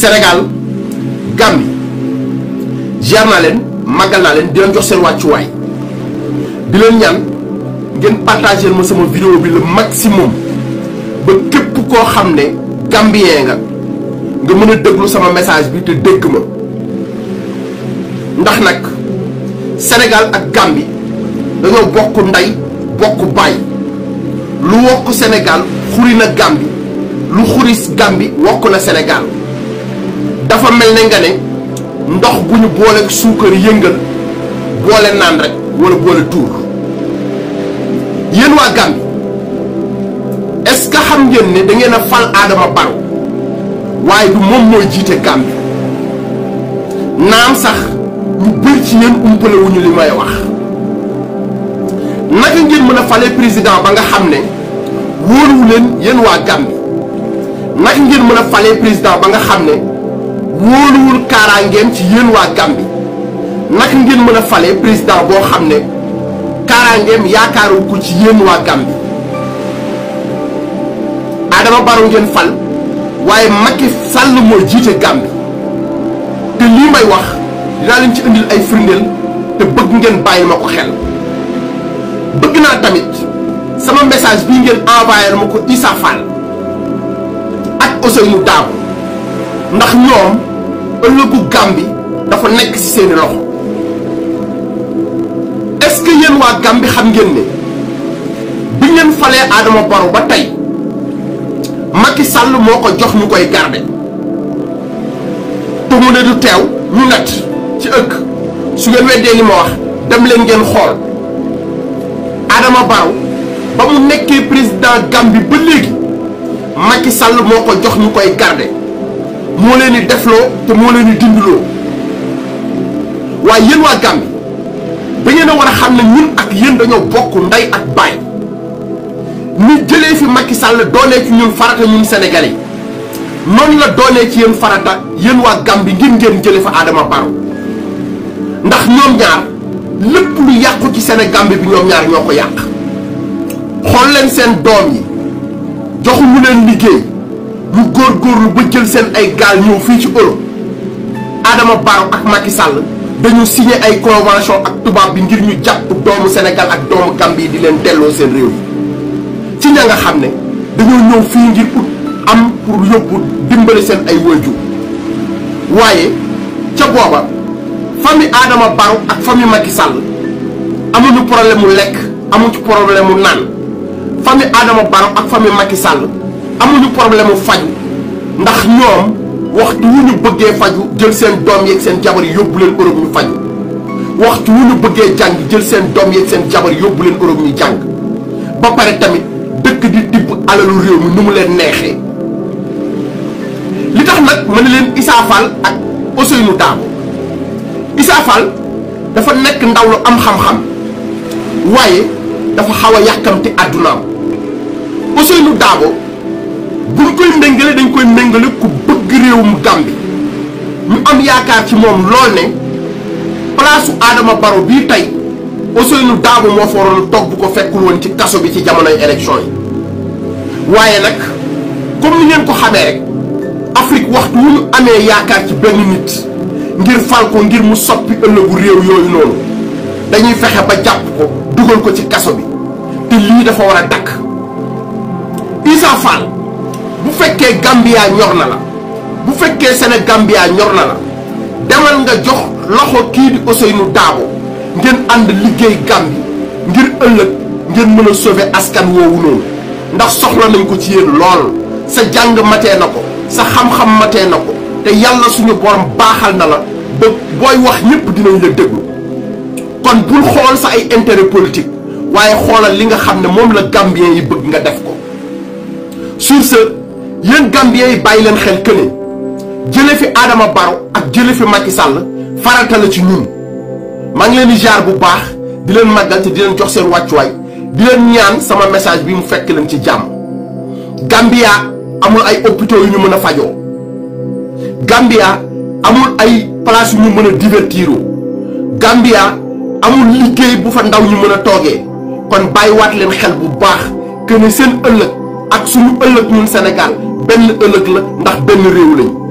Sénégal Gambie jaar naa leen màggal naa leen di leen jox seen wàccuwaay di leen ñaan ngeen partagé ma sama vidéo bi le maximum ba képp koo xam ne gambien nga nga mën a déglu sama message bi te dégg ma ndax nag senegal ak Gambie dañoo bokk ndey bokk baay lu wokk senegal xuri na Gambie lu xuri Gambie wokk na Sénégal dafa mel ne nga ne ndox gu ñu boole suukar yëngal boole naan rek wala boole tuur yéen waa Gambie est-ce que xam ngeen ne da ngeen a fal Adama Barrow waaye du moom mooy jiite Gambie naam sax ñu bëri ci yéen umpale li may wax naka ngeen mën a fale président ba nga xam ne wóoruwu leen yéen waa Gambie naka ngeen mën a fale président ba nga xam ne. wóoluwul kaaraangeem ci yéen waa Gambie naka ngeen mën a fale président boo xam ne kaaraangeem yaakaarul ko ci yéen waa Gambie Adama Barrow ngeen fal waaye Macky Sall moo jiite Gambie te lii may wax dinaa leen ci indil ay firndeel te bëgg ngeen bàyyi ma ko xel bëgg naa tamit sama message bi ngeen envoyé ma ko Issa Fall ak Ousseynou Dabo ndax ñoom ëllëgu Gàmbi dafa nekk ci seeni loxo est-ce que yéen waa Gàmbi xam ngeen ne bi ngeen falee Adama Barrow ba tey Macky Sall moo ko jox ñu koy garder te mu ne du teew ñu natt ci ëkk su ngeen weddee li ma wax dem leen ngeen xool Adama Barrow ba mu nekkee président Gàmbi ba léegi Macky Sall moo ko jox ñu koy garder. moo leen di defloo te moo leen di dindiloo waaye yéen waa Gàmbi da ngeen a war a xam ne ñun ak yéen dañoo bokk ndey ak baay ni jëlee fi Macky Sall doonee ci ñun farata ñun Sénégalais noonu la doonee ci yéen farata yéen waa Gàmbi ngir ngeen jëlee fa aadama Barrow ndax ñoom ñaar lépp lu yàqu ci Sénégambie bi ñoom ñaar ñoo ko yàq xool leen seen doom yi joxuñu leen liggéey. lu góorgóorlu ba jël seen ay gaal ñëw fii ci Europe Adama Barrow ak Macky Sall dañu signé ay convention ak tubaab bi ngir ñu jàpp doomu senegal ak doomu Gambie di leen delloo seen réew ci ña nga xam ne dañoo ñëw fii ngir pour am pour yóbbu dimbali seen ay waajur waaye ca booba famille Adama Barrow ak famille Macky Sall amuñu problème mu lekk amuñu problème mu naan famille Adama Barrow ak famille Macky sàll amuñu problème faju ndax ñoom waxtu wu ñu bëggee faju jël seen doom yeeg seen jabar yóbbu leen Europe ñu faju waxtu wu ñu bëggee jàng jël seen doom yeeg seen jabar yóbbu leen Europe ñu jàng ba pare tamit dëkk di tibb alalu réew mi nu mu leen neexee li tax nag ma ne leen Issa Fall ak Ousseynou Dabo Issa Fall dafa nekk ndaw lu am xam-xam waaye dafa xaw a yàkkamti àddunaam Ousseynou Dabo buñ koy méngale dañ koy méngale ku bëgg réewum Gàmbi ñu am yaakaar ci moom lool ne place aadama Barrow bii tey Ousseynou Daabo moo fa waroon toog bu ko fekkul woon ci kaso bi ci jamonoy élection yi waaye nag comme ni ngeen ko xamee rek Afrique waxtu wu ñu amee yaakaar ci benn nit ngir fal ko ngir mu soppi ëllëgu réew yooyu noonu dañuy fexe ba jàpp ko dugal ko ci kaso bi te lii dafa war a dakk Issa Fall bu fekkee Gambia ñor na la bu fekkee sene Sénégambia ñor na la demal nga jox loxo kii di Ousseynou Daabo ngeen ànd liggéey Gambie ngir ëllëg ngeen mën a sauver askan woowu noonu ndax soxla nañ ko ci yéen lool sa jàng matee na ko sa xam-xam matee na ko te yàlla suñu borom baaxal na la ba booy wax ñëpp dinañ la déglu kon bul xool sa ay intérêt politique waaye xoolal li nga xam ne moom la Gambien yi bëgg nga def ko sur yéen Gambien yi bàyyi leen xel këne jële fi Adama Barrow ak jële fi Macky Sall farata la ci ñun maa ngi leen di jaar bu baax di leen màggal te di leen jox seen wàccuwaay di leen ñaan sama message bi mu fekk leen ci jàmm Gambia amul ay hôpitaux yu ñu mën a fajoo Gambia amul ay place yu ñu mën a divertir Gambia amul liggéey bu fa ndaw ñu mën a toogee kon bàyyiwaat leen xel bu baax que seen ëllëg ak suñu ëllëg ñun Sénégal benn ëllëg la ndax benn réew lañ